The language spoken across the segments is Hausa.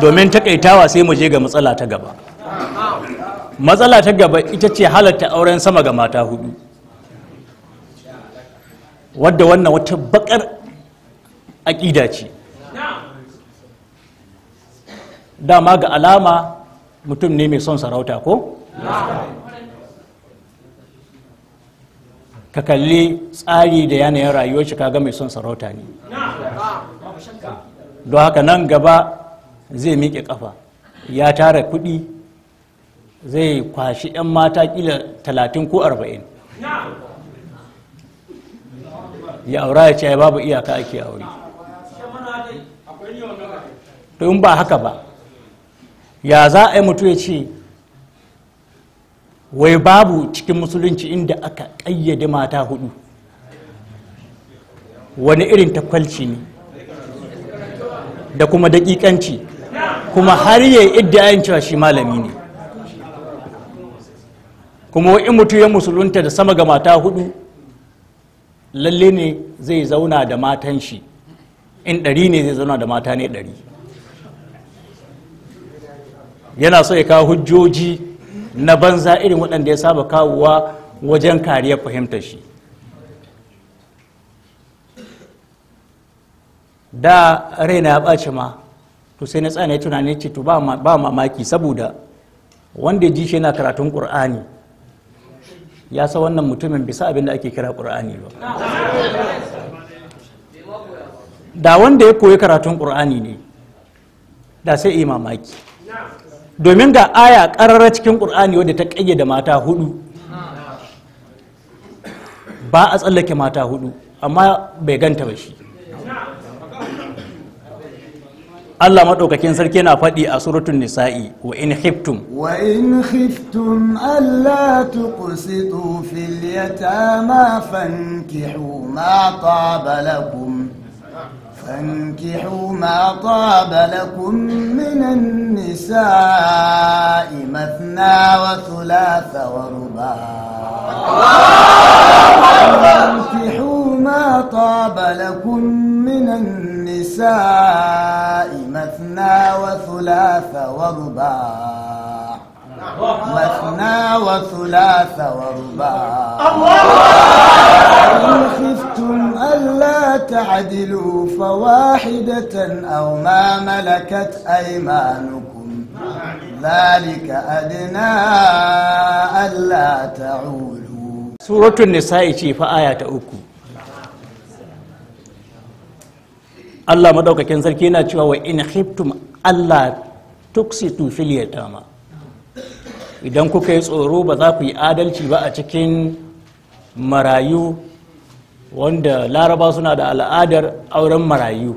domin takaitawa sai mu je ga matsala ta gaba matsala ta gaba ita ce halatta auren sama ga mata hudu wadda wannan wata bakar aƙida ce dama ga alama mutum ne mai son sarauta ko? ka kalli tsari da yanayin rayuwar shi kaga mai son sarauta ne don haka nan gaba zai miƙe kafa ya tara kuɗi zai kwashi 'yan mata kila talatin ko arba'in ya aura ya ce babu iyaka ake aure to in ba haka ba ya za a yi mutu ya ce wai babu cikin musulunci inda aka ƙayyade mata hudu wani irin takwalci ne da kuma daƙiƙanci kuma har yi ayin cewa shi malami ne kuma in mutu ya musulunta da sama ga mata hudu lalle ne zai zauna da matan shi in ɗari ne zai zauna da mata ne ɗari yana so ya kawo hujjoji na banza irin waɗanda ya saba kawowa wajen kariyar fahimtar shi da raina ya ɓace ma to sai na tsana tunani ce to ba mamaki saboda wanda ji shi yana karatun ƙur'ani ya sa wannan mutumin bisa abin da ake kira ƙur'ani ba da wanda ya koyi karatun ƙur'ani ne da sai yi mamaki domin ga aya ƙarara cikin ƙur'ani wadda ta ƙayyade mata hudu ba a tsallake mata hudu amma bai ganta ba shi Allah maɗaukakin sarki na faɗi a suratun nisa'i wa in khiftum wa in khiftum alla tuqsitu fil yatama fankihu ma taba lakum فانكحوا ما طاب لكم من النساء مثنى وثلاث ورباع فانكحوا ما طاب لكم من النساء مثنى وثلاث ورباع مثنى وثلاث ورباع الله ولا تعدلوا فواحدة أو ما ملكت أيمانكم ذلك أدنى ألا تعولوا سورة النساء في آية أكو Allah madaukakin sarki yana cewa wa in khiftum Allah tuksitu fil yatama idan kuka yi tsoro ba za ku yi adalci ba a cikin marayu wanda laraba suna da al'adar auren marayu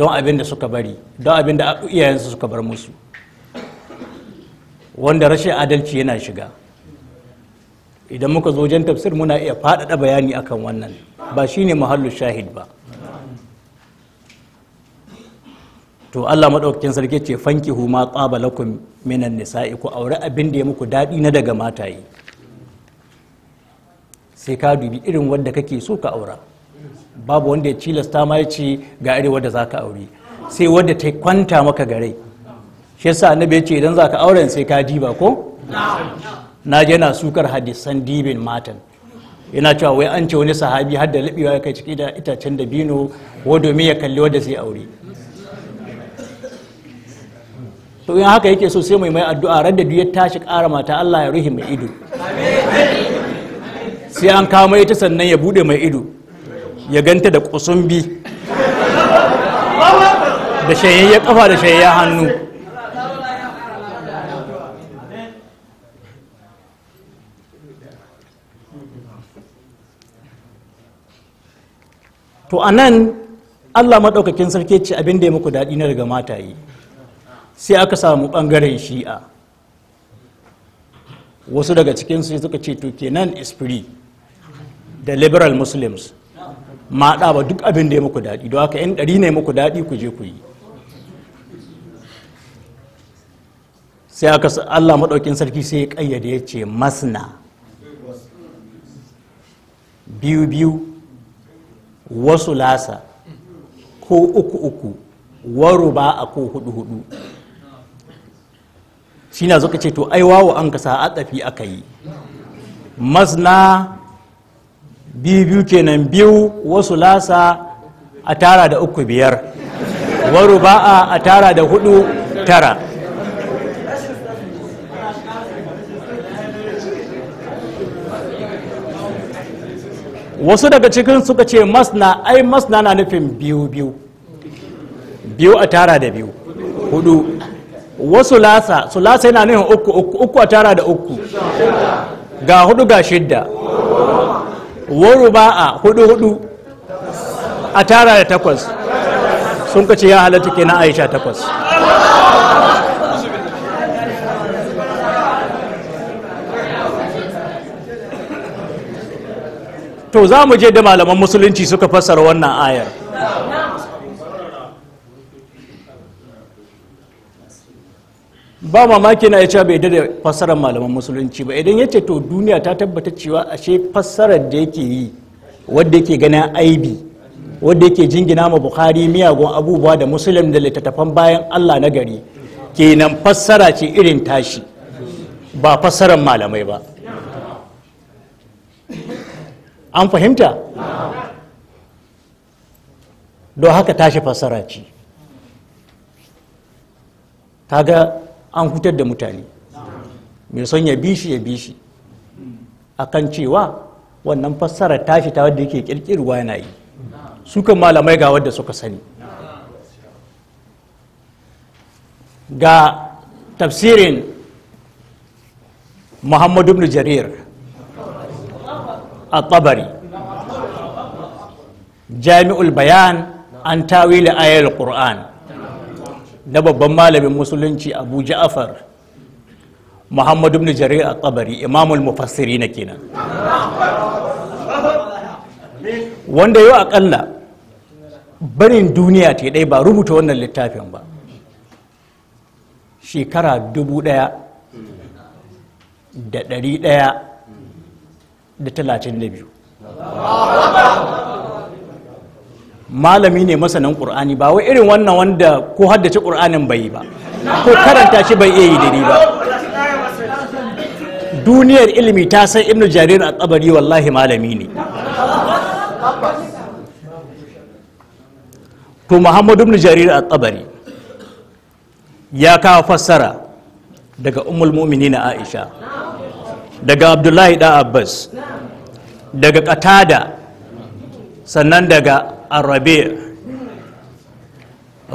don abin da suka bari don abin da iyayensu suka bar musu wanda rashin adalci yana shiga idan muka zo wajen tafsir muna iya faɗaɗa bayani akan wannan ba shine mahallu shahid ba to Allah maɗaukakin sarki ce fanki huma tsaba lakum minan nisa'i ku aure abin da ya muku daɗi na daga mataye sai ka dubi irin wanda kake so ka aura babu wanda ya cilasta ma ya ce ga irin wanda za ka aure sai wanda ta kwanta maka gare shi yasa annabi ya ce idan za ka auren sai ka diba ko na je na sukar hadisan dibin matan yana cewa wai an ce wani sahabi har da laɓewa ya kai ciki da itacen da bino wa domin ya kalli wadda zai aure to in haka yake so sai mai mai addu'a radda duk ya tashi ƙara mata Allah ya ruhi mai ido sai an kama ita sannan ya bude mai ido ya ganta da kusumbi da shayayya kafa da shayayya hannu to a nan allah maɗaukakin sarki ce abin da ya muku daɗi na daga mataye sai aka samu ɓangaren shi'a wasu daga cikinsu suka ce to kenan is da liberal muslims maɗa ba duk abin da ya muku daɗi don haka 'yan ɗari ne muku daɗi ku je ku yi sai aka allah maɗaukin sarki sai ya ƙayyade ya ce masna biyu biyu wasu lasa ko uku uku waru ba a ko hudu hudu shi na zuka ce to ai wawo an kasa a tafi aka yi masna biyu biyu kenan biyu wasu lasa a tara da uku biyar waru ba'a a tara da hudu tara wasu daga cikin suka ce masna ai masna na nufin biyu biyu biyu a tara da biyu hudu wasu lasa su lasa yana nufin uku uku a tara da uku ga hudu ga shidda ba a hudu hudu a tara da takwas sun kace ya halatta na aisha takwas to za mu je da malaman musulunci suka fassara wannan ayar ba mamaki na ya ce bai da fassarar malaman musulunci ba idan ya ce to duniya ta tabbata cewa ashe fassarar da yake yi wadda yake ganin aibi wadda yake jingina ma bukhari miyagun abubuwa da musulun da littattafan bayan allah na gari kenan fassara ce irin tashi ba fassarar malamai ba an fahimta don haka tashi fassara ce ta ga an hutar da mutane mai son ya bi shi ya bi shi a kan cewa wannan fassara ta fita wadda yake kirkirwa yana yi su malamai ga wadda suka sani ga tafsirin muhammadu ibn jarir a tabari jami'ul bayan an tawila ayyar qur'an na babban malamin musulunci abu ja'afar muhammad ibn jarir a kabari imamul mufassiri na kenan wanda yau akalla barin duniya ta dai ba rubuta wannan littafin ba shekara dubu daya da dari daya da talatin da biyu malami ne masanin ƙur'ani ba wai irin wannan wanda ko haddace ƙur'anin bai ba ko karanta shi bai iya yi daidai ba duniyar ilimi ta san ibnu jarir a tsabari wallahi malami ne to muhammadu ibnu jarir a tsabari ya kawo fassara daga umul na aisha daga abdullahi da abbas daga katada sannan daga arabe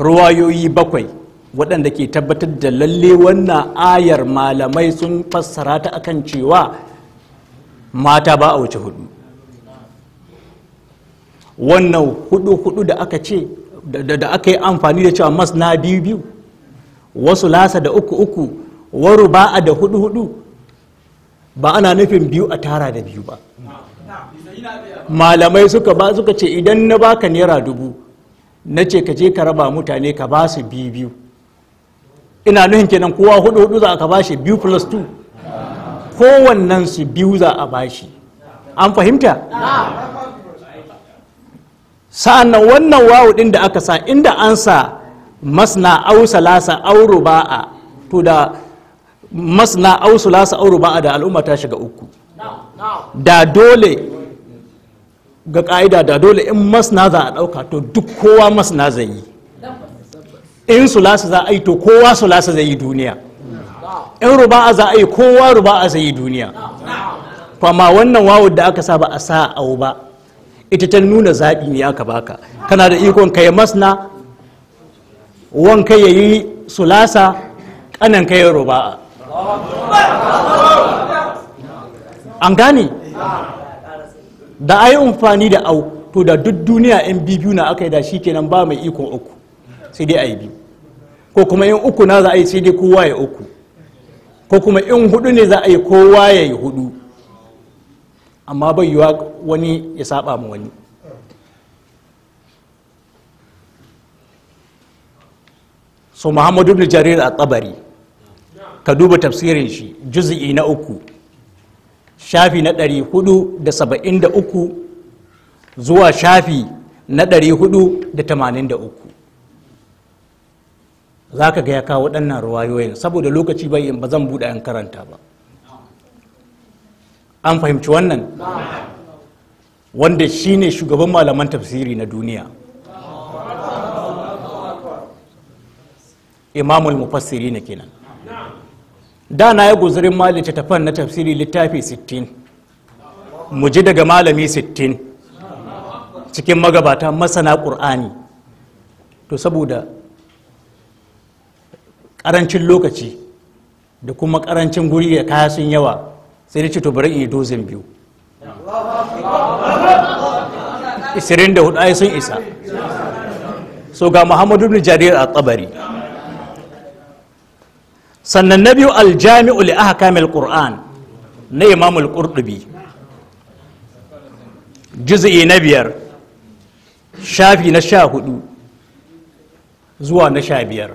ruwayoyi bakwai waɗanda ke tabbatar da lalle wannan ayar malamai sun fassara ta akan cewa mata ba a wuce hudu wannan hudu-hudu da aka ce da aka yi amfani da cewa mas na biyu-biyu wasu lasa da uku-uku waru ba a da hudu-hudu ba ana nufin biyu a tara da biyu ba malamai suka ba suka ce idan na baka naira dubu na ce ka je ka raba mutane ka ba su biyu biyu ina nuhin kenan kowa hudu hudu za ka bashi biyu plus two kowannen su biyu za a bashi an fahimta sa'an nan wannan wawu din da aka sa inda an sa masna au salasa au to da masna au salasa da al'umma ta shiga uku da dole ga ƙa'ida da dole in masna za a ɗauka to duk kowa masna zai yi in sulasa za a yi to kowa sulasa zai yi duniya in ruba'a za a yi kowa ruba'a zai yi duniya kwamma wannan wawar da aka saba ba a sa a ba ita ta nuna zaɓi ne aka baka kana da ikon kai masna wanka ya yi sulasa kanan kai ruba'a an gane da a yi amfani da au to da duk duniya yan biyu na aka yi da shi kenan ba mai ikon uku sai dai a yi biyu ko kuma in uku na za a yi sai dai kowa ya uku ko kuma in hudu ne za a yi kowa ya yi hudu amma bai yiwa wani ya saba ma wani so muhammadu ibn jarir a tsabari ka duba tafsirin shi juz'i na uku shafi na ɗari da uku zuwa shafi na ɗari da 483 za ka ga ya kawo waɗannan ruwayoyin saboda lokaci bai in ba zan buɗe an karanta ba an fahimci wannan wanda shine shugaban malaman tafsiri na duniya imamul mufassiri na kenan da na yi guzurin ma littattafan na tafsiri littafi 60 mu ji daga malami 60 cikin magabata masana ƙur'ani to saboda ƙarancin lokaci da kuma ƙarancin guri da kaya sun yawa sai da ce bari iya dozin biyu 24 ai sun isa so ga muhammadu ibn jarir a tsabari sannan na biyu aljami'u ahkamil qur'an na imamul al-qurtubi juz'i na biyar shafi na sha hudu zuwa na sha biyar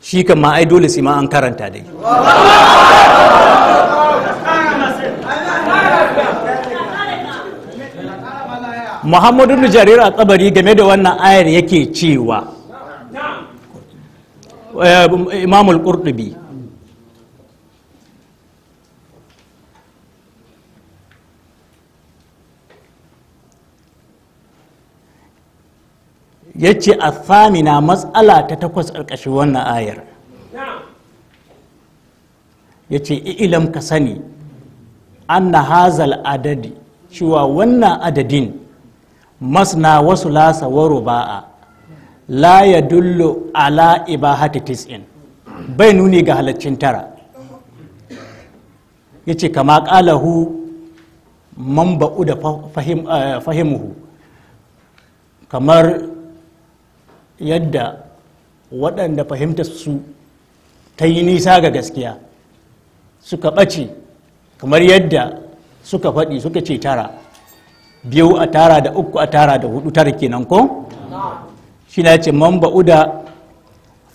shi kan ma ai dole ma an karanta dai muhammadu jarir a tsabari game da wannan ayar yake cewa Eh, imamul ƙurɗubi ya ce a na matsala ta takwas ƙarƙashin wannan ayar ya ce ilam ka sani an na hazal adadi cewa wannan adadin masna wasu lasa wa ruba'a la ya dullu ala hati tis'in bai nuni ga halaccin tara ya ce kama ƙalahu man ba'u da eh, fahimuhu kamar yadda waɗanda fahimta su ta yi nisa ga gaskiya suka ɓace kamar yadda suka faɗi suka ce tara biyu a tara da uku a tara da hudu tara kenan ko shi na ce man ba'uda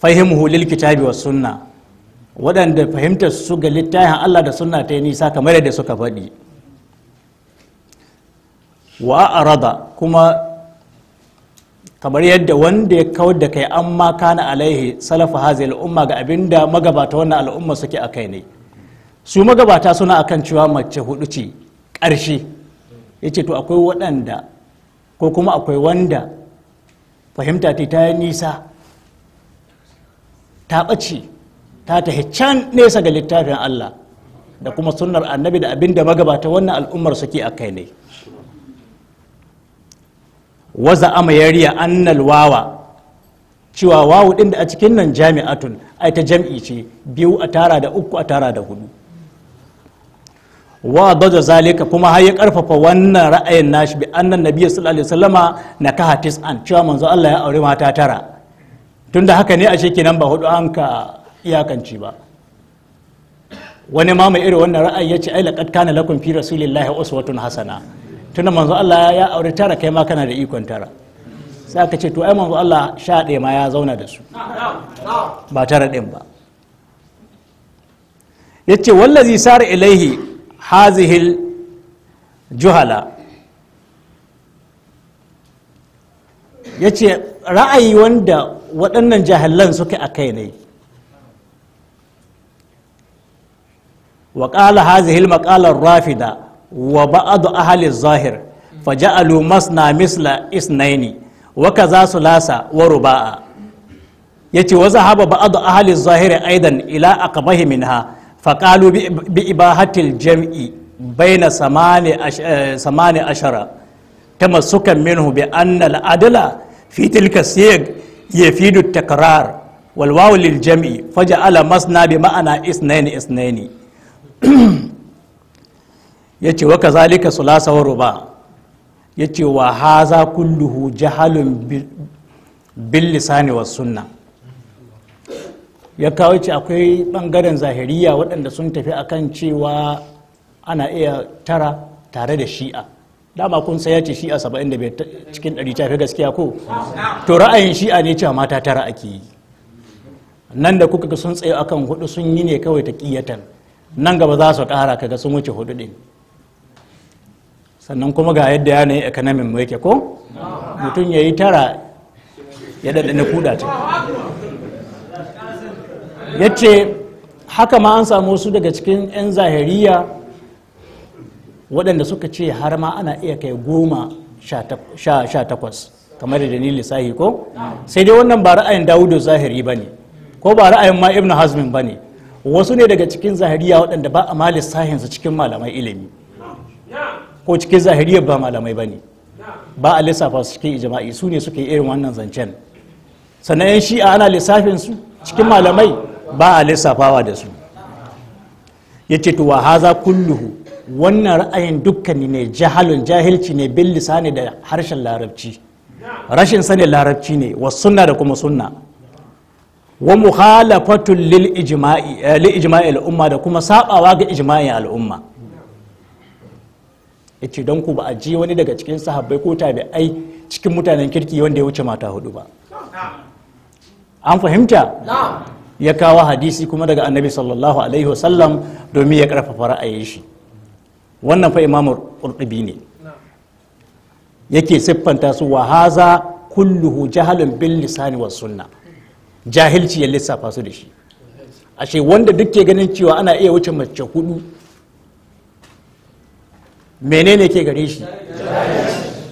da lil kitabi wa sunna waɗanda fahimtar su ga littafin Allah da sunna ta yi nisa kamar yadda suka faɗi wa arada kuma kamar yadda wanda ya kawar da kai an ma kana alaihi salafa hazi al'umma ga abinda magabata wannan al'umma suke a kai ne su magabata suna akan cewa mace hudu ce ƙarshe ya ce to akwai waɗanda ko kuma akwai wanda fahimta ta ta yi nisa ta ɓace ta tahi can nesa ga littafin Allah da kuma sunnar annabi da abin da magabata wannan al'ummar suke a kai ne waza ama yariya annal wawa cewa wawu ɗin da a cikin nan jami'atun ai ta jam'i ce biyu a tara da uku a tara da hudu wa daja zalika kuma har ya karfafa wannan ra'ayin nashi bi annan nabiyyi sallallahu alaihi wasallama nakaha tis'an cewa manzo Allah ya aure mata tara tunda haka ne ashe kenan ba hudu an ka iyakanci ba wani ma mai irin wannan ra'ayi yace ai laqad kana lakum fi rasulillahi uswatun hasana tunda manzo Allah ya aure tara kai ma kana da ikon tara sai aka ce to ai manzo Allah sha ɗaya ma ya zauna da su ba tara ɗin ba yace wallazi sara ilaihi hazihil juhala ya ce ra'ayi wanda waɗannan jahallan suke a kai ne wa hazihil maƙalar rafida wa ba'adu ahali zahir faja'alu masna misla isnaini wa lasa sulasa wa ruba'a yace wa zahaba ba'adu ahli zahiri aidan ila aqbahi minha faƙalu bi ibahatil jam'i baina samani ashara ta masukan minhu bi anna al'adala fi tilka siyag ya fi takrar walwawu lil jam'i faja'ala masna bi ma'ana isnaini isnaini ya ce wa kazalika sulasa wa ba ya ce wa haza kulluhu jahalun bil lisani was sunna ya kawo ce akwai bangaren zahiriya waɗanda sun tafi akan cewa ana iya tara tare da shi'a dama kun sai ya ce shi'a 75 cikin 100 ta gaskiya ko to ra'ayin shi'a ne cewa mata tara ake yi nan da kuka sun tsaye akan hudu sun yi ne kawai ta kiyatan nan gaba za su kara kaga sun wuce hudu ɗin sannan kuma ga yadda yanayin economy mu yake ko mutum ya yi tara ya na kuda ce ya ce haka ma an samu su daga cikin 'yan zahiriya waɗanda suka ce har ma ana iya kai goma sha takwas kamar da ni lissahi ko sai dai wannan ba ra'ayin dawudu zahiri ba ne ko ba ra'ayin ma ibnu hazmin ba ne wasu ne daga cikin zahiriya waɗanda ba a ma lissahinsu cikin malamai ilimi ko cikin zahiriya ba malamai ba ne ba a lissafa su cikin ijma'i su ne suke irin wannan zancen sannan 'yan shi'a ana lissafin su cikin malamai ba a lissafawa da su ya ce tuwa haza kulluhu wannan ra'ayin dukkanin ne jahalun jahilci ne bin lisani da harshen larabci rashin sanin larabci ne wa sunna da kuma sunna wa mukhalafatul lil ijma'i eh, lil ijma'i al'umma da kuma sabawa ga ijma'in al'umma yace don ku ba a ji wani daga cikin sahabbai ko ta tabi'ai cikin mutanen kirki wanda ya wuce mata hudu ba an fahimta ya kawo hadisi kuma daga annabi sallallahu alaihi wasallam domin ya karfafa ra'ayin shi wannan fa imamu qurtubi ne yake siffanta su wa haza kulluhu jahalun bil lisani was sunna jahilci ya lissafa su da shi ashe wanda duk ganin cewa ana iya wuce mace hudu menene ke gare shi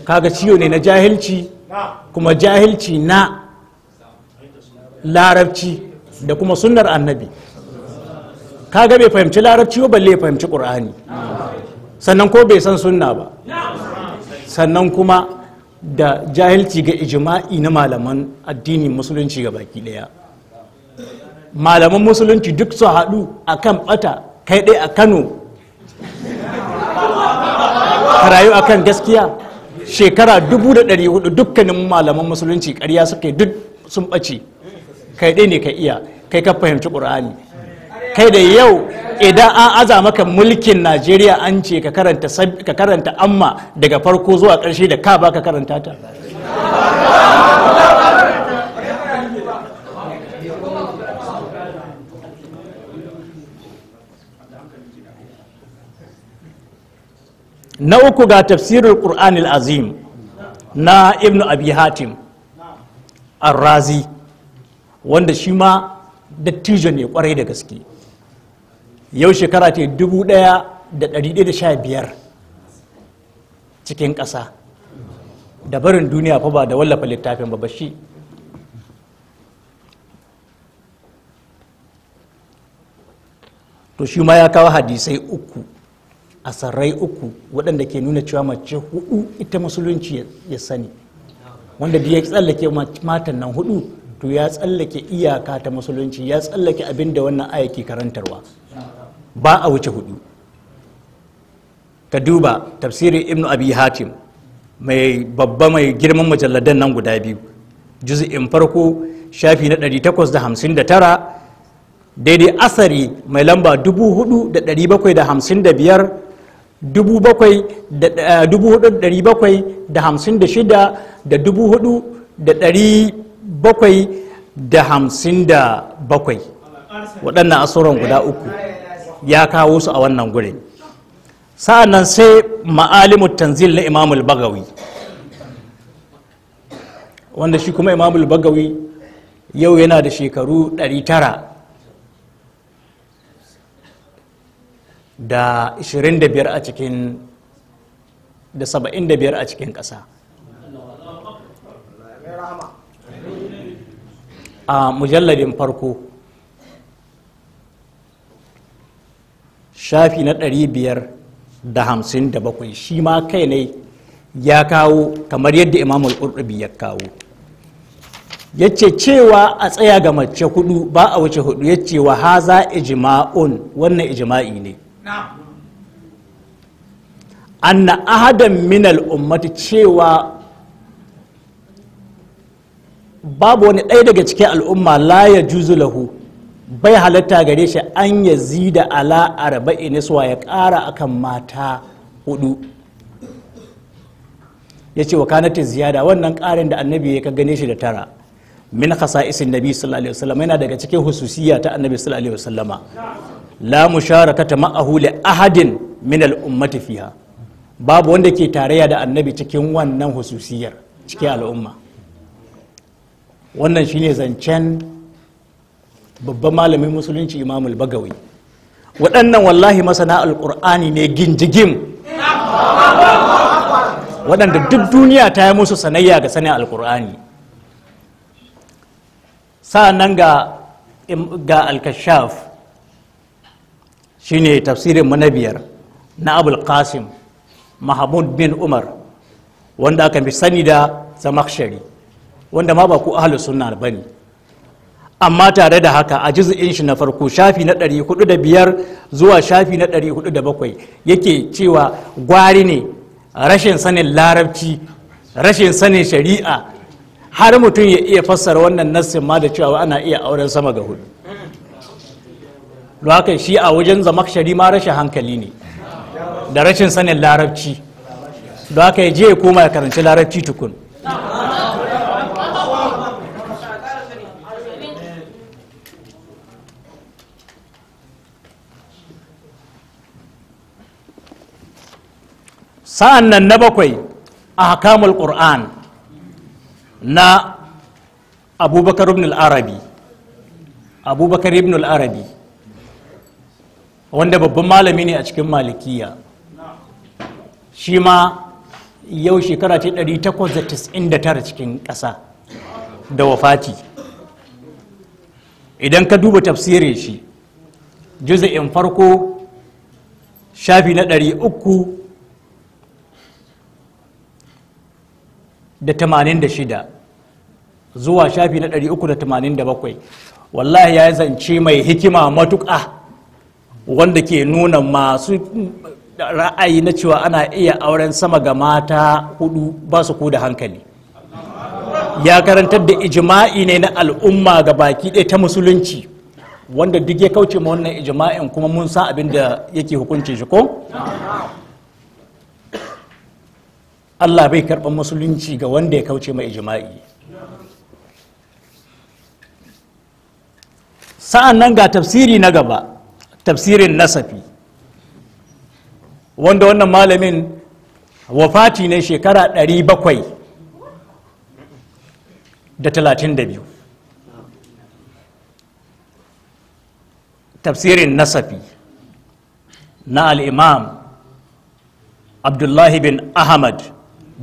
kaga ciwo ne na jahilci kuma jahilci na larabci da kuma sunnar annabi ka ga bai fahimci larabci balle ya fahimci ƙur'ani sannan ko bai san sunna ba sannan kuma da jahilci ga ijima'i na malaman addinin musulunci ga baki ɗaya malaman musulunci duk su haɗu a kan ɓata kai ɗaya a kano ka rayu a kan gaskiya shekara 1400 dukkanin malaman musulunci ƙarya suka duk sun ɓace kai ɗaya ne ka iya kai ka fahimci ƙur'ani kai da yau idan an aza maka mulkin najeriya an ce ka karanta amma daga farko zuwa ƙarshe da ka baka karanta ta na uku ga tafsirin ƙur'anil azim na ibnu abi hatim arrazi wanda shi ma dattijo ne kwarai da gaske yau shekara ta biyar cikin ƙasa da barin duniya fa ba da wallafa littafin ba shi to shi ma ya kawo hadisai uku a sarrai uku waɗanda ke nuna cewa mace hudu ita musulunci ya sani wanda da ya tsallake matan nan hudu to ya tsallake iyaka ta musulunci ya tsallake abin da wannan aya karantarwa ba a wuce hudu ka duba tafsirin ibnu abi hatim mai babba mai girman mujalladan nan guda biyu juz'in farko shafi na 859 daidai asari mai lamba 4755 4756 da dari. bakwai da hamsin da bakwai waɗannan asuran guda uku ya kawo su a wannan gurin sa'an nan sai ma'alimu tanzil na imamul bagawi wanda shi kuma imamul bagawi yau yana da shekaru 900 da 25 a cikin da 75 a cikin ƙasa a mujalladin farko shafi na ɗari biyar da hamsin da bakwai shi ma kai ne ya kawo kamar yadda imam al ƙurɗubi ya kawo ya ce cewa a tsaya ga mace hudu ba a wuce hudu ya ce wa haza ijima'un wannan ijima'i ne anna ahadan minal ummati cewa babu wani ɗaya daga cikin al'umma la ya juzu lahu bai halatta gare shi an ya zida ala arba'i niswa ya ƙara akan mata hudu ya ce wa kanatin ziyada wannan ƙarin da annabi ya ka gane shi da tara min isin nabi sallallahu alaihi wasallam yana daga cikin hususiya ta annabi sallallahu alaihi wasallama la musharakata ma'ahu li ahadin min al'ummati fiha babu wanda ke tarayya da annabi cikin wannan hususiyar cikin al'umma wannan shine zancen babban malamin musulunci imamul bagawi waɗannan wallahi masana alƙur'ani ne jigin waɗanda duk duniya ta yi musu sanayya ga sanin alƙur'ani sa'annan ga ga alkashaf shine tafsirin manabiyar na abul qasim mahmud bin umar wanda aka fi sani da zamakshari wanda ma ba ku ahlu sunna ba ne amma tare da haka a in shi na farko shafi na 405 zuwa shafi na 407 yake cewa gwari ne rashin sanin larabci rashin sanin shari'a har mutum ya iya fassara wannan nassin ma da cewa ana iya auren sama ga hudu don haka shi a wajen zama shari ma rashin hankali ne da rashin sanin larabci don haka ya je ya koma ya karanci larabci tukun sa'an nan na bakwai a hakamul ƙur'an na abubakar ibn arabi abubakar ibn wanda babban malami ne a cikin malikiya shi ma yau shekara ce 899 cikin ƙasa da wafati idan ka duba tafsirin shi juza'in farko shafi na 300 da zuwa shafi na ɗari uku da tamanin wallahi ya zance mai hikima matuƙa wanda ke nuna masu ra'ayi na cewa ana iya auren sama ga mata hudu ba su da hankali ya karantar da ijima'i ne na al'umma ga baki ɗaya ta musulunci wanda duk ya kauce ma wannan ijima'in kuma mun san abin da yake hukunci shi ko Allah bai karɓar musulunci ga wanda ya kauce mai jima'i. sa'an nan ga tafsiri na gaba tafsirin nasafi wanda wannan malamin wafati ne shekara bakwai da biyu. tafsirin nasafi na al'imam abdullahi bin ahmad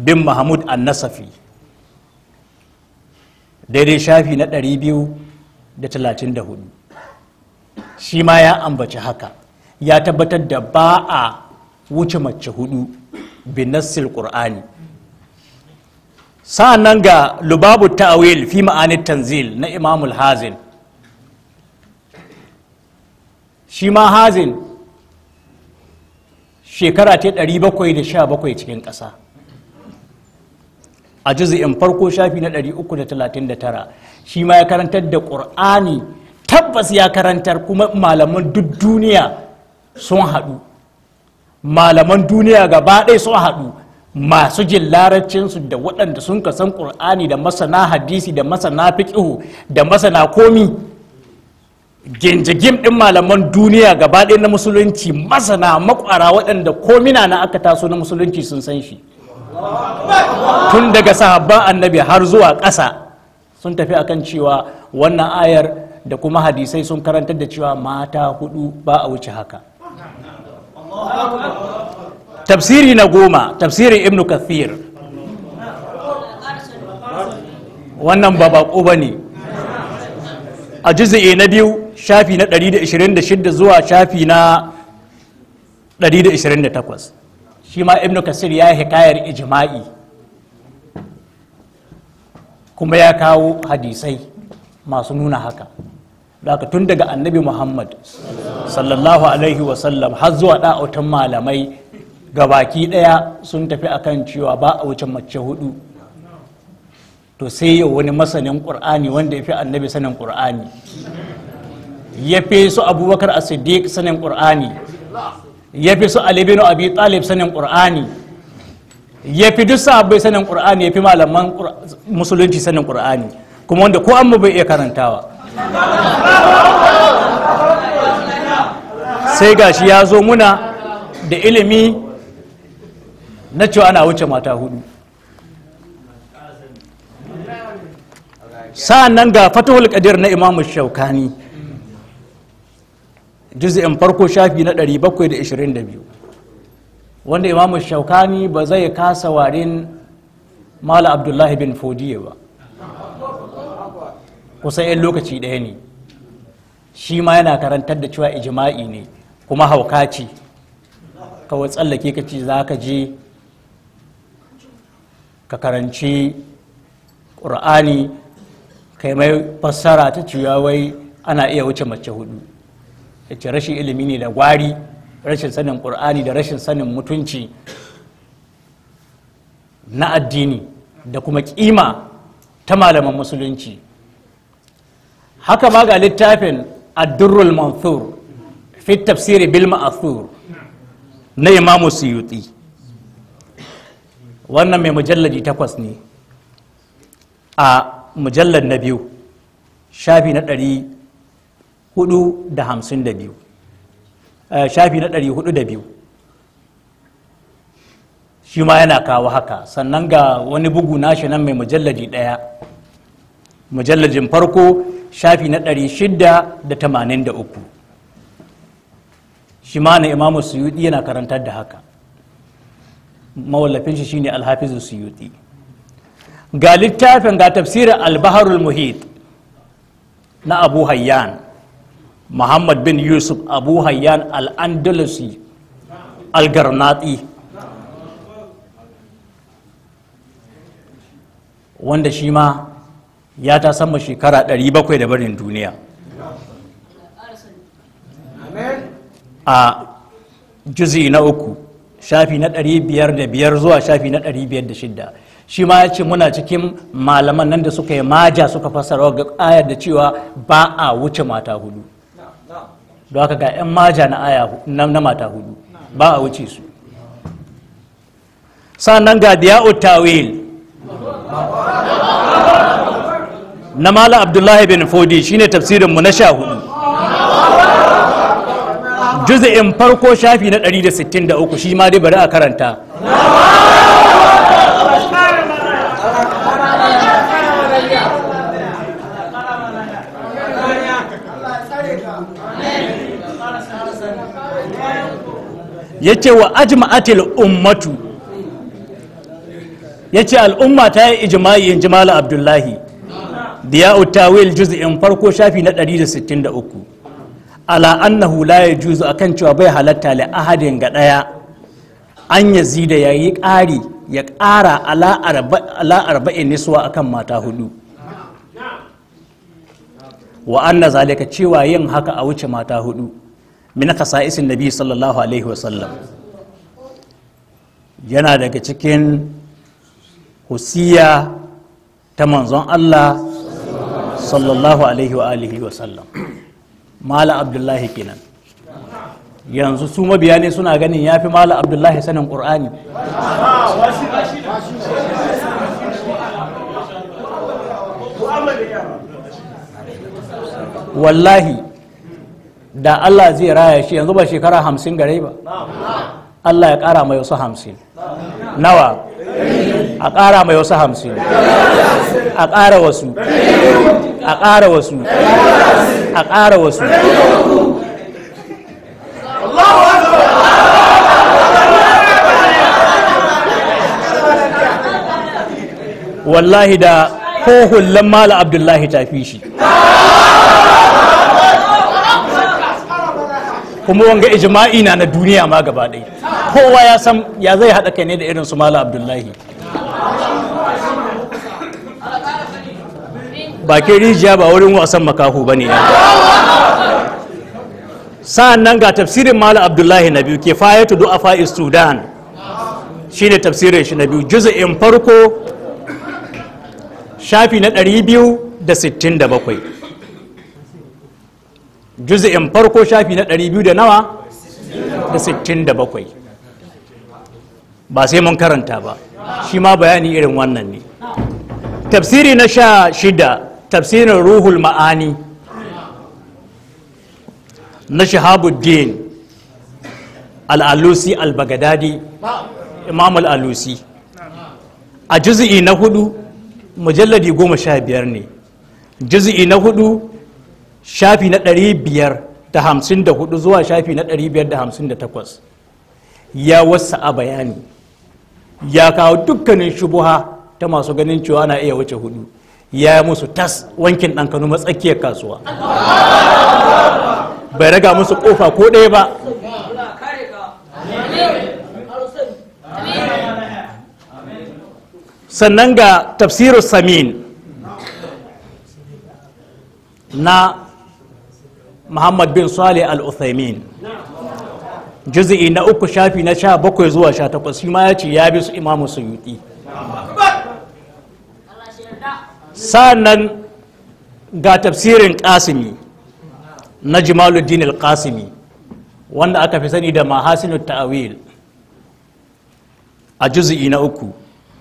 bin mahmud annasafi daidai shafi na biyu da talatin 234 shi ma ya ambaci haka ya tabbatar da ba a wuce mace hudu bin nassil qur'ani sa'an nan ga lubabu ta'awil fi ma'anin tanzil na imamul hazin shi ma hazin shekara ta 717 cikin ƙasa a juzi'in farko shafi na 339 shi ma ya karantar da ƙur'ani tabbas ya karantar kuma malaman duk duniya sun haɗu malaman duniya gaba ɗaya sun haɗu masu jin da waɗanda sun san ƙur'ani da masana hadisi da masana fiƙihu da masana komi ginjigim ɗin malaman duniya gaba ɗaya na musulunci masana makwara waɗanda komina na aka taso na musulunci sun san shi tun daga sahabban annabi har zuwa ƙasa sun tafi akan cewa wannan ayar da kuma hadisai sun karantar da cewa mata hudu ba a wuce haka tafsiri na goma tafsirin ibn kathir wannan ba bako ba ne a jizai na biyu shafi na 126 zuwa shafi na 128 shi ma ibn kasir ya yi hikayar ijma'i kuma ya kawo hadisai masu nuna haka daga tun daga annabi muhammad sallallahu alaihi wasallam har zuwa da'autan malamai ga baki daya sun tafi akan cewa ba a wuce mace hudu to sai yau wani masanin ƙur'ani wanda ya fi annabi sanin ƙur'ani ya fi su abubakar a siddiq sanin ƙur'ani ya fi su Ali bin Abi Talib sanin Qur'ani ya fi duk sahabbai sanin Qur'ani ya fi malaman musulunci sanin Qur'ani kuma wanda ko an mu bai iya karantawa sai gashi ya zo muna da ilimi na cewa ana wuce mata hudu sa'an nan ga fatuhul kadir na imamu shaukani juz'in farko shafi na 722 wanda imamu shaukani ba zai kasa warin mala abdullahi bin fodiye ba kusa 'yan lokaci ɗaya ne shi ma yana karantar da cewa ijima'i ne kuma hauka ce kawai tsallake ka ce za ka je ka karanci ƙur'ani kai mai fassara ta cewa wai ana iya wuce mace hudu yace rashin ilimi ne da gwari rashin sanin ƙur'ani da rashin sanin mutunci na addini da kuma kima ta malaman musulunci haka ma ga littafin addurrul manthur fi tafsiri bil ma'athur na imamu suyuti wannan mai mujalladi takwas ne a mujallar na biyu shafi na ɗari Huɗu da hamsin da eh, shafi na shi ma yana kawo haka sannan ga wani bugu nashi nan mai mujallaji ɗaya mujallajin farko shafi na 683 shida shi ma na imamu suyuti yana karantar da haka mawallafin shi shine alhafizu suyuti ga littafin ga tafsirin Al albaharul muhit na abu hayyan muhammad bin yusuf abu hayyan al-andalusi al-garnati wanda shi ma ya ta sama shekara 700 da barin duniya a juzi na uku shafi na 505 zuwa shafi na 506 shi ma ya ce muna cikin malaman nan da suka yi maja suka fassara ga ayar da cewa ba a wuce mata hudu don haka ga 'yan maja na aya na mata hudu ba a wuce su sannan ga diya tawil na mala abdullahi bin fodi shine tafsirin mu na sha hudu juzi'in farko shafi na 163 shi ma dai bari a karanta ya ce wa ajma'atil ummatu ya ce al'umma ta yi ijma'i in mala abdullahi diya tawil juz'in farko shafi na 163 ala annahu la a akan cewa bai halatta li ahadin ga daya an zida da yi ƙari ya ƙara ala arba'in niswa kan mata hudu wa anna zalika cewa yin haka a wuce mata hudu min khasa'isin nabi sallallahu alaihi wasallam yana daga cikin husiya ta manzon Allah sallallahu alaihi wa alihi wasallam mala abdullahi kenan yanzu su mabiya ne suna ganin ya fi mala abdullahi sanin ƙur'ani wallahi da Allah zai raya shi yanzu ba shekara hamsin gare ba Allah ya ƙara mai wasu hamsin nawa a ƙara mai wasu hamsin a ƙara wasu a ƙara wasu a ƙara wasu wallahi da ko hullan mala abdullahi ta fi shi kuma wanga ijma'i na na duniya ma gaba ɗaya kowa ya san ya zai haɗa kai ne da irin su mala abdullahi ba ke rijiya ba wurin wasan makaho ba ne sa'an nan ga tafsirin mala abdullahi na biyu ke fayatu a fa'is sudan shi ne tafsirin shi na biyu juz'in farko shafi na 267 juz'in farko shafi na 200 da nawa da 67 ba sai mun karanta ba shi ma bayani irin wannan ne tafsiri na sha shida tafsirin ruhul ma'ani na shahabuddin al'alusi al-bagadadi imam alusi a juzi'i na hudu mujalladi goma sha biyar ne juzi'i na hudu shafi na ɗari biyar 554 zuwa shafi na ɗari 558 ya wasa a bayani ya kawo dukkanin shubuha ta masu ganin cewa na iya wuce hudu ya yi musu tas wankin ɗankanu matsakiyar kasuwa bai raga musu kofa ko ɗaya ba sannan ga tafsirin samin na muhammad bin salih al-uthaymin juzi'i na uku shafi na sha bakwai zuwa sha takwas shi ma ya ce ya bi su imamu suyuti sa'annan ga tafsirin kasimi na Jamaluddin al-kasimi wanda aka fi sani da mahasinu ta'awil a juzi'i na uku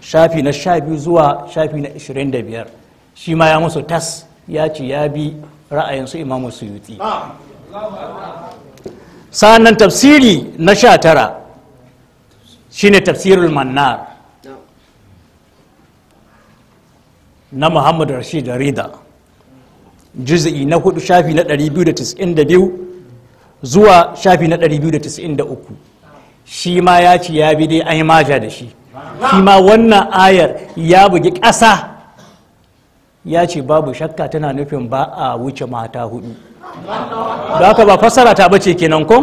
shafi na sha biyu zuwa shafi na 25 shi ma ya musu tas ya ce ya bi ra'ayin su imamu suyuti sa'annan tafsiri na sha tara shine tafsirul mannar na muhammad rashid rida juz'i na hudu shafi na 292 zuwa shafi na 293 shi ma ya ci ya bi dai an maja da shi shi ma wannan ayar ya bugi ƙasa ya ce babu shakka tana nufin ba a wuce mata hudu da haka ba fasara ta bace kenan ko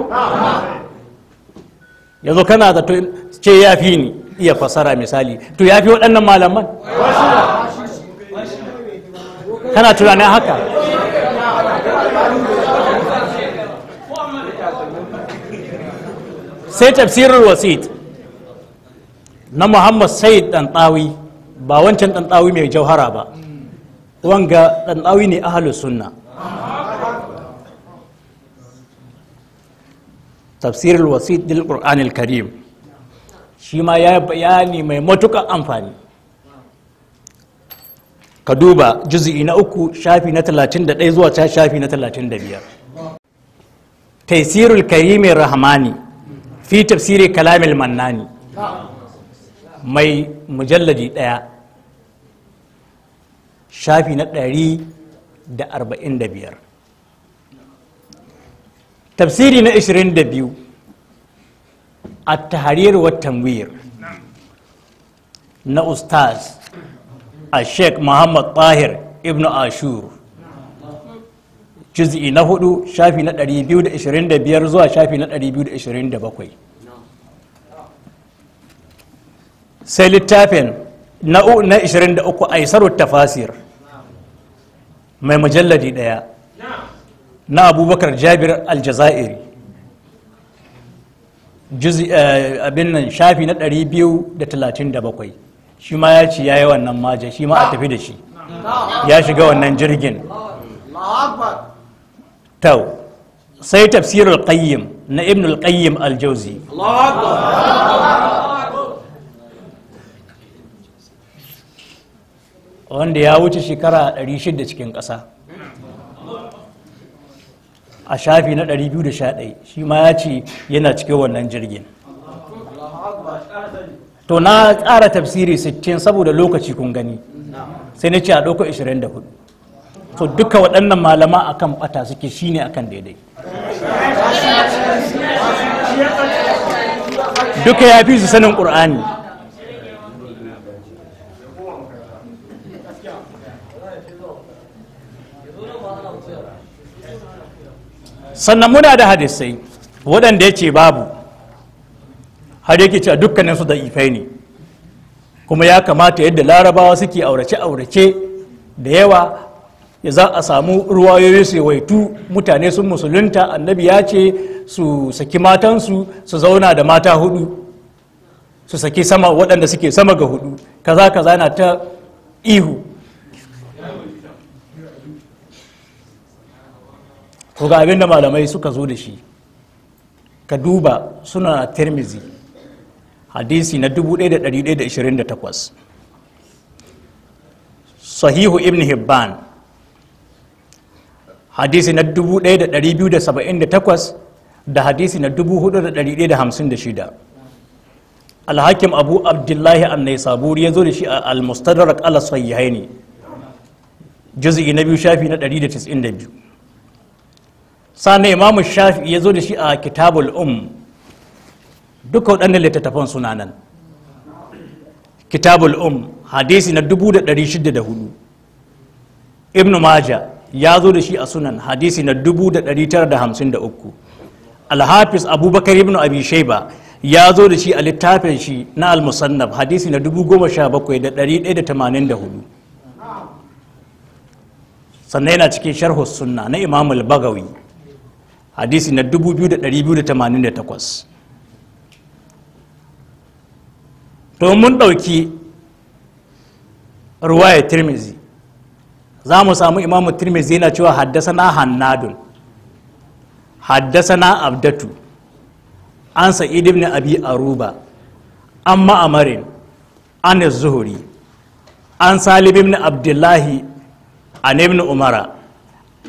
yanzu kana da to ce ya fi ni iya fassara misali to ya fi waɗannan malaman kana tunanin haka sai tafsirin wasit na muhammad said ɗanɗawi ba wancan ɗanɗawi mai jauhara ba wanga ɗanɗawi ne ahalus sunna tafsir alwasit dil qur'an karim shi ma ya bayani mai matuƙar amfani ka duba juzi'i na uku shafi na 31 zuwa ta shafi na 35 taisirul karimi rahmani fi tafsiri kalamil mannani mai mujalladi ɗaya shafi na ɗari da arba'in da biyar tafsiri na ishirin da biyu a tahariyar watan wiyar na ustaz a sheikh muhammad tahir ibn ashur juz'i na hudu shafi na 225 zuwa shafi na 227 sai littafin na 23 aisarar tafasir mai mujalladi ɗaya na abubakar jabir aljazairi eh, abin nan shafi na 237 shi ma ya ci ya yi wannan maja shi ma a tafi da shi ya shiga wannan jirgin tau sai tafsirul qayyim na ibn al-qayyim al-jauzi wanda ya wuce shekara 600 cikin ƙasa a shafi na 211 shi ma ya ce yana cikin wannan jirgin to na tsara tafsiri 60 saboda lokaci kun gani sai na ce a ɗauka 24 to duka waɗannan malama akan ɓata suke shine akan daidai duka ya fi su sanin ƙur'ani sannan muna da hadisai waɗanda ya ce babu har yake a dukkanin su da ifai ne kuma ya kamata yadda larabawa suke aurace-aurace da yawa ya za a samu ruwayoyi su waitu mutane sun musulunta annabi ya ce su saki matansu su zauna da mata hudu su saki sama waɗanda suke sama ga hudu kaza kaza na ta ihu to ga abin da malamai suka zo da shi ka duba suna termizi hadisi na 1128 sahihu ibn hibban hadisi na 1278 da hadisi na 4156 alhakim abu abdullahi annai saburi ya zo da shi a al-mustadrak ala sahihaini juz'i na biyu shafi na 192 sani imamu shafi ya zo da shi a kitabul um duka waɗannan littattafan suna nan kitabul um hadisi na 1604 ibnu maja ya zo da shi a sunan hadisi na 1953 alhafis abubakar ibnu abi shaiba ya zo da shi a littafin shi na almusannaf hadisi na 17184 sannan yana cikin sharhus sunna na imamul bagawi hadisi na 2288 to mun ɗauki ruwaya tirmizi za mu samu imamu tirmizi yana cewa haddasana hannadun haddasana abdatu an sa'id ibn abi aruba an ma'amarin an zuhuri an salib ibn abdullahi an ibn umara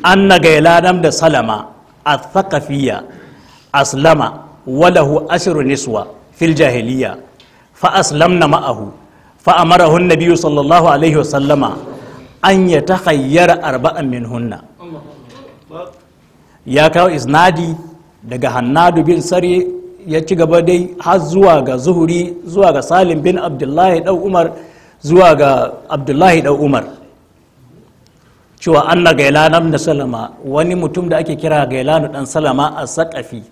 an na da salama a sakafiya aslama walahu ashru niswa fil jahiliya fa aslamna ma'ahu fa amarahu an-nabiy sallallahu alayhi wa sallama an yatakhayyara arba'an minhunna ya kawo isnadi daga hannadu bin sari ya ci gaba dai har zuwa ga zuhuri zuwa ga salim bin abdullahi dan umar zuwa ga abdullahi dan umar cewa anna gailana da salama wani mutum da ake kira gailanu dan salama a sakafi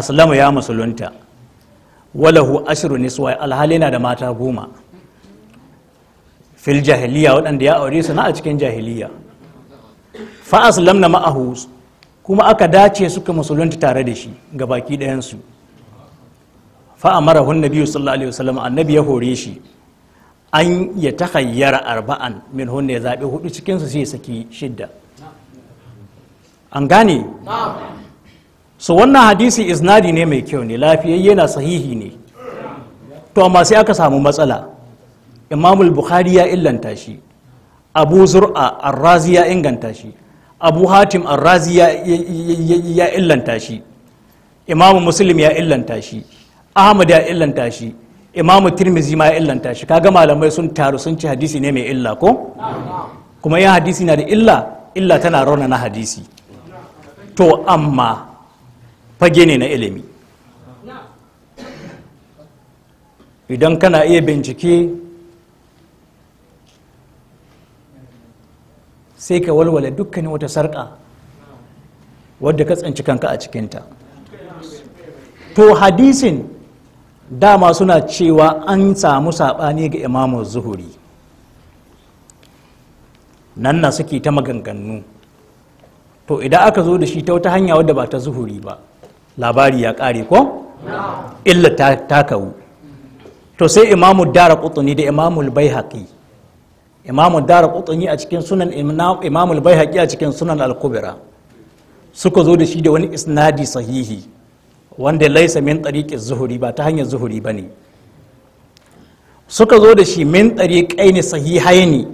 aslama ya musulunta walahu ashiru niswa alhali na da mata goma fil jahiliya waɗanda ya aure su na a cikin jahiliya fa aslamna ma'ahu kuma aka dace suka musulunta tare da shi ga baki ɗayansu fa amara hun nabiyu sallallahu alaihi wasallam annabi ya hore shi an ya ta arba'an min hunne zaɓe hudu cikinsu sai saki shidda an gane so wannan hadisi isnadi ne mai kyau ne lafiyayye na sahihi ne to amma sai aka samu matsala imamul bukhari ya illanta shi abu zur'a arrazi ya inganta shi abu hatim arrazi ya illanta shi imamu muslim ya illanta shi ahmad ya illanta shi imamu tirmizi ma ya illanta shi kaga malamai sun taru sun ci hadisi ne mai illa ko kuma yin hadisi na da illa illa tana rauna na hadisi to amma fage ne na ilimi idan kana iya bincike sai ka walwala dukkanin wata sarƙa wadda ka tsanci kanka a cikinta to hadisin dama suna cewa an samu saɓani ga imamu zuhuri nan na suke ta maganganu to idan aka zo da shi ta wata hanya wadda ba ta zuhuri ba labari ya ƙare ko illa ta kawu to sai imamu dara kutuni da imamu bai haƙi imamu dara kutuni a cikin sunan imamu bai haƙi a cikin sunan al suka zo da shi da wani isnadi sahihi wanda laisa min tariqi zuhuri ba ta hanyar zuhuri ba ne suka zo da shi min ne sahihaini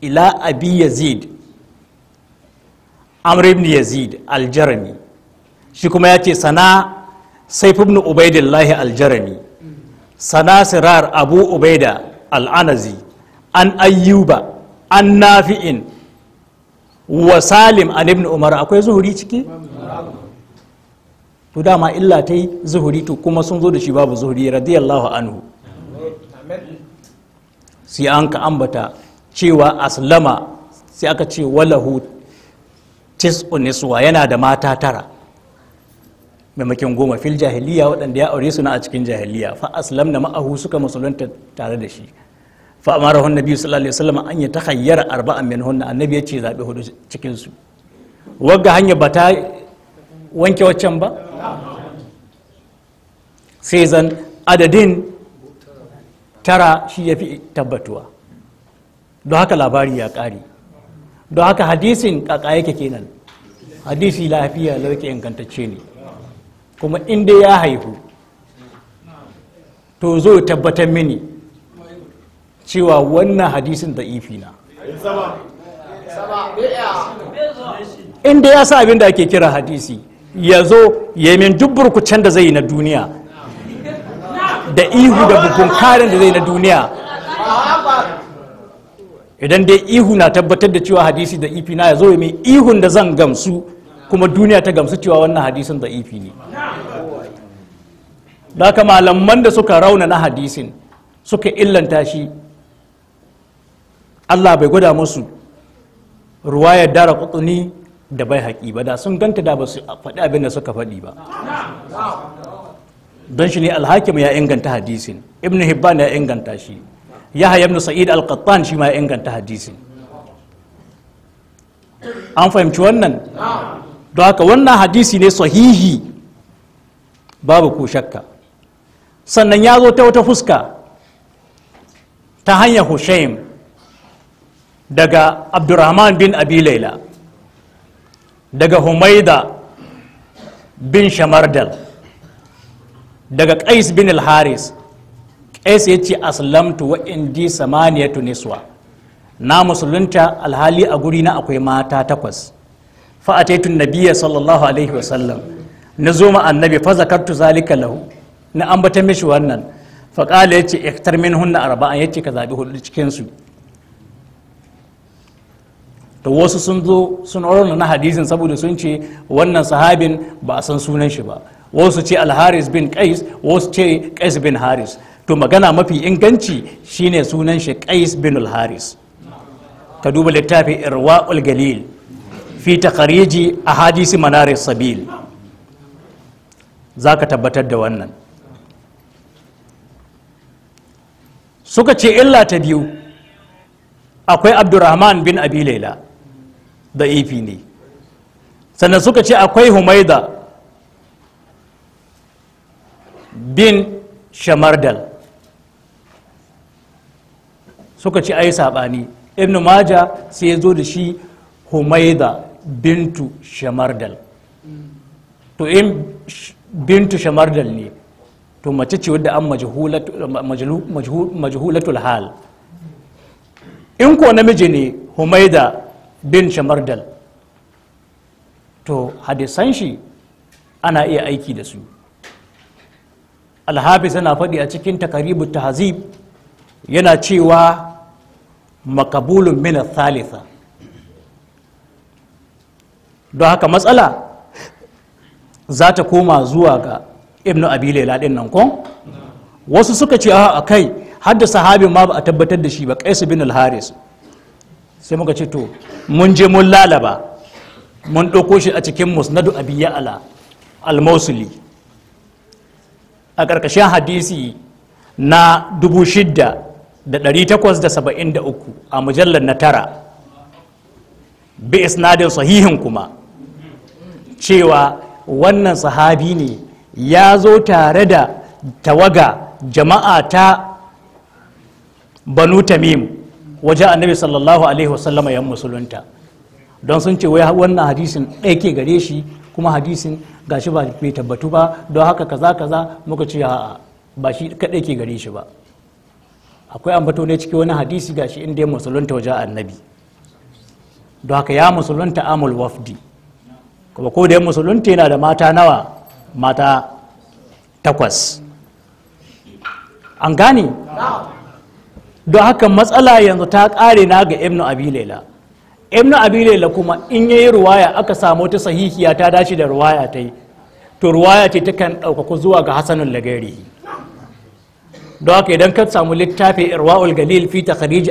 ila abi yazid amr ibn yazid al shi kuma ya ce sana saif ibn ubaidillahi al sana sirar abu ubaida al'anazi an ayyuba an nafi'in wa salim an ibn umar akwai zuhuri ciki to dama illa ta yi zuhuri to kuma sun zo da shi babu zuhuri radiyallahu anhu sai an ka ambata cewa aslama sai aka ce walahu tis'uniswa yana da mata tara maimakon goma fil jahiliya waɗanda ya aure su na a cikin jahiliya fa aslam na ma'ahu suka musulunta tare da shi fa amara hun nabi sallallahu alaihi wasallam an ya takhayyara arba'an min hunna annabi ya ce zabe hudu cikin su wagga hanya ta wanke waccan ba sai zan adadin tara shi ya fi tabbatuwa don haka labari ya ƙare don haka hadisin ƙaƙa yake kenan hadisi lafiya lauke ingantacce ne kuma inda ya haihu to zo tabbatar mini cewa wannan hadisin da ifi na inda ya sa abin da ake kira hadisi ya zo ya min duk da zai yi na duniya da ihu da bukun karin da zai na duniya idan dai ihu na tabbatar da cewa hadisi da ifi na ya zo min ihun da zan gamsu kuma duniya ta gamsu cewa wannan hadisin da ifi ne da malaman da suka rauna na hadisin suka illanta shi allah bai gwada musu ruwayar dara kutsuni da bai haƙi ba da sun ganta da ba su faɗi abin da suka faɗi ba don shi ne alhakim ya inganta hadisin ibn hibban ya inganta shi haya ibn sa'id al-qattan shi ma ya inganta hadisin an fahimci wannan don haka wannan hadisi ne sahihi babu ko shakka sannan ya zo ta wata fuska ta hanyar hushaim daga abdurrahman bin abi laila daga humaida bin shamardal daga qais bin al-haris qais ya ce aslamtu wa indi samaniyatu niswa na musulunta alhali a guri na akwai mata takwas fa ataitu nabiyya sallallahu alaihi wa sallam na zo ma annabi fa zakartu zalika lahu na ambata mishi wannan fa qala yace iktar minhunna arba'an yace ka zabi hudu cikin su to wasu sun zo sun aurona na hadisin saboda sun ce wannan sahabin ba a san sunan shi ba wasu ce alharis bin qais wasu ce qais bin haris to magana mafi inganci shine sunan shi qais bin alharis ka duba littafin irwa'ul galil fi takhariji ahadisi manaris sabil zaka tabbatar da wannan suka ce illa ta biyu akwai abdurrahman bin abi laila da ifi ne sannan suka ce akwai humaida bin shamardal suka ce ai saɓani ibn maja sai ya zo da shi humaida bintu shamardal to in bintu shamardal ne to mace ce wadda an majhulatul hal in ko namiji ne humaida bin shamardal to hadisan shi ana iya aiki da su alhafiz yana faɗi a cikin takaribu tahzib yana cewa makabulun mina thalitha don haka matsala za ta koma zuwa ga ibnu abile ɗin nan ko wasu suka ce a kai haddasa sahabin ma ba a tabbatar da shi ba kaisu bin al-haris sai muka ce to mun je mun lalaba mun ɗauko shi a cikin musnadu abi ya'ala al a ƙarƙashin hadisi na 6,873 a mujallar na tara bi isnadin sahihin kuma cewa wannan sahabi ne ya zo tare da tawaga jama'a ta banu tamim waje annabi sallallahu alaihi wasallam yan musulunta don sun ce wai wannan hadisin ɗaya ke gare shi kuma hadisin gashi ba bai tabbatu ba don haka kaza kaza muka ce ba shi kaɗai ke gare shi ba akwai ambato ne cikin wani hadisi gashi inda ya musulunta waje annabi don haka ya musulunta amul wafdi kuma ko da musulunta yana da mata nawa mata takwas an gane don haka matsala yanzu ta kare na ga ibnu Abilela. ibnu Abilela kuma in yayi ruwaya aka samu ta sahihiya ta dace da ruwaya ta yi to ruwaya ce ta kan ɗaukaku zuwa ga hasanun lagari don haka idan ka samu littafi irwa'ul galil fi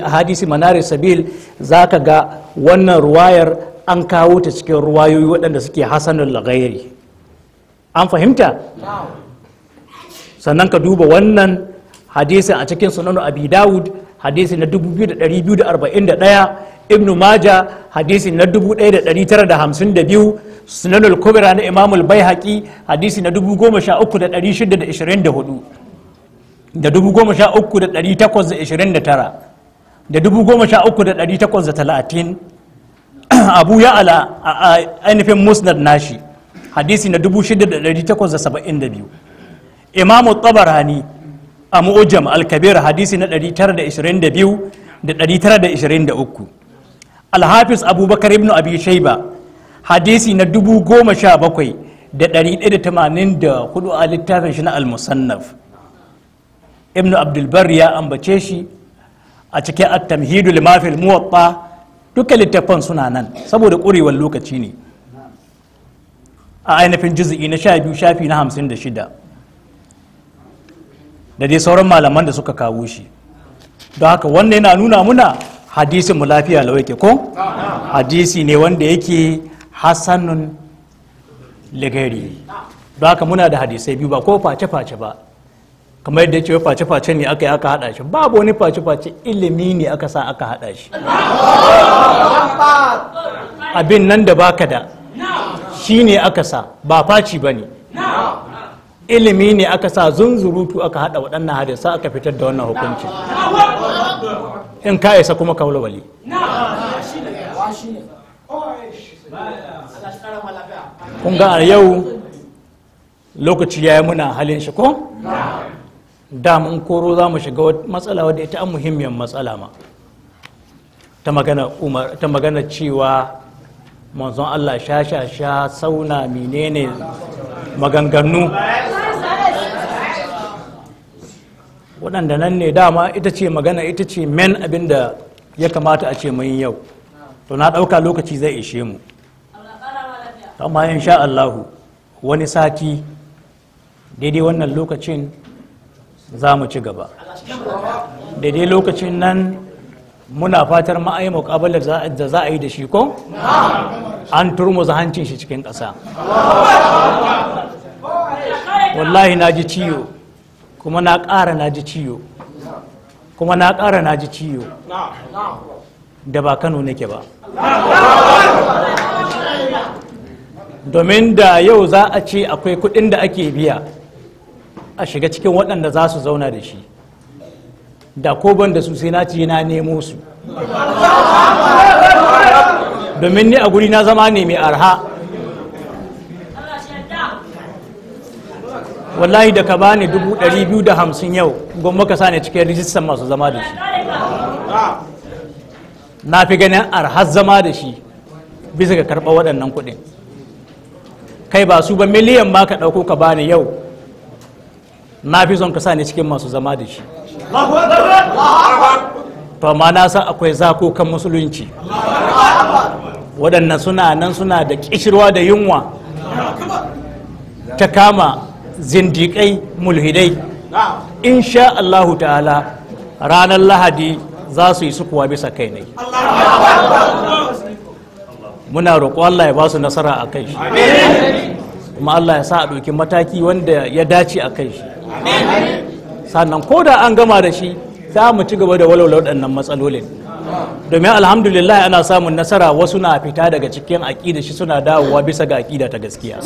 a hadisi manarar sabil ka ga wannan ruwayar an kawo ta cikin ruwayoyi waɗanda suke hasanun lagari an fahimta sannan ka duba wannan hadisin a cikin sunanu abi dawud hadisi na 2241 ibnu maja hadisi na 1952 sunanul kubra na imamul al-baihaqi hadisi na 13624 da 13829 da 13830 abu ya ala a ainihin musnad nashi hadisi na 6872 imamu tabarani a mu'ujam al-kabir hadisi na 922 da 923 al-hafiz abubakar ibn abi shaiba hadisi na 17,000 da 184 a littafin shi na al-musannaf ibn abdulbar ya ambace shi a cikin at tamhidul limafil muwatta duka littafan suna nan saboda ƙurewar lokaci ne a ainihin juzi'i na 12 shafi na 56 da dai sauran malaman da suka kawo shi don haka wannan yana nuna muna hadisin mu lafiya lawai ke ko hadisi ne wanda yake hasanun ligari don haka muna da hadisai biyu ba ko face-face ba kamar yadda ce face-face ne aka yi aka hada shi babu wani face-face ilimi ne aka sa aka hada shi abin nan da baka da shi ne aka sa ba faci ba ne ilimi ne aka sa zunzurutu aka hada waɗannan sa aka fitar da wannan hukunci in ka isa kuma kaula wali kun ga yau lokaci ya yi muna halin shi ko da mun koro za mu shiga matsala wadda ita an muhimmiyar matsala ma ta magana cewa manzon Allah sha sha sha sauna menene maganganu waɗanda nan ne dama ita ce magana ita ce men abin da ya kamata a ce mun yau to na ɗauka lokaci zai ishe mu amma sha Allahu wani sati daidai wannan lokacin za mu ci gaba daidai lokacin nan muna fatar ma'ayi muƙabalar da za a yi da shi ko an za hancin shi cikin ƙasa wallahi na ji ciwo kuma na ƙara na ji ciyo kuma na ƙara na ji ciyo da ba kano nake ba domin da yau za a ce akwai kuɗin da ake biya a shiga cikin waɗanda za su zauna da shi da ko ban da su sai na ce na nemo su domin ni a guri na zama ne mai arha wallahi da ka bani dubu ɗari biyu da hamsin yau gwamma ka sani cikin rijistar masu zama da shi na fi ganin arha zama da shi bisa ga karɓar waɗannan kuɗin kai ba su ba miliyan ba ka ɗauko ka bani yau na fi son ka sani cikin masu zama da shi to ma na san akwai zakokan musulunci waɗannan suna nan suna da ƙishirwa da yunwa ta kama zindiƙai mulhidai in sha Allahu ta'ala ranar lahadi za su yi sukuwa bisa kai ne muna roƙo Allah ya ba su nasara a kai shi kuma Allah ya sa a ɗauki mataki wanda ya dace a kai shi sannan ko da an gama da shi za mu ci gaba da walwala waɗannan matsalolin domin alhamdulillah ana samun nasara wasu na fita daga cikin aƙida shi suna dawowa bisa ga aƙida ta gaskiya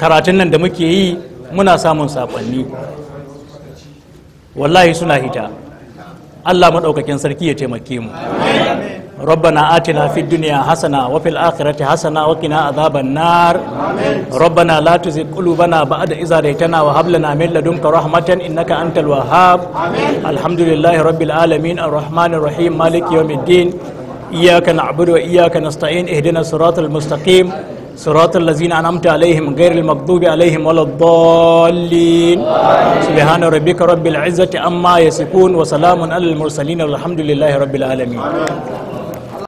karatun nan da muke yi muna samun saƙonni wallahi suna hita allah maɗaukakin sarki ya taimake mu ربنا آتنا في الدنيا حسنة وفي الآخرة حسنة وقنا عذاب النار ربنا لا تزغ قلوبنا بعد إذا هديتنا وهب لنا من لدنك رحمة إنك أنت الوهاب الحمد لله رب العالمين الرحمن الرحيم مالك يوم الدين إياك نعبد وإياك نستعين اهدنا الصراط المستقيم صراط الذين أنعمت عليهم غير المغضوب عليهم ولا الضالين سبحان ربك رب العزة أما يسكون وسلام على المرسلين والحمد لله رب العالمين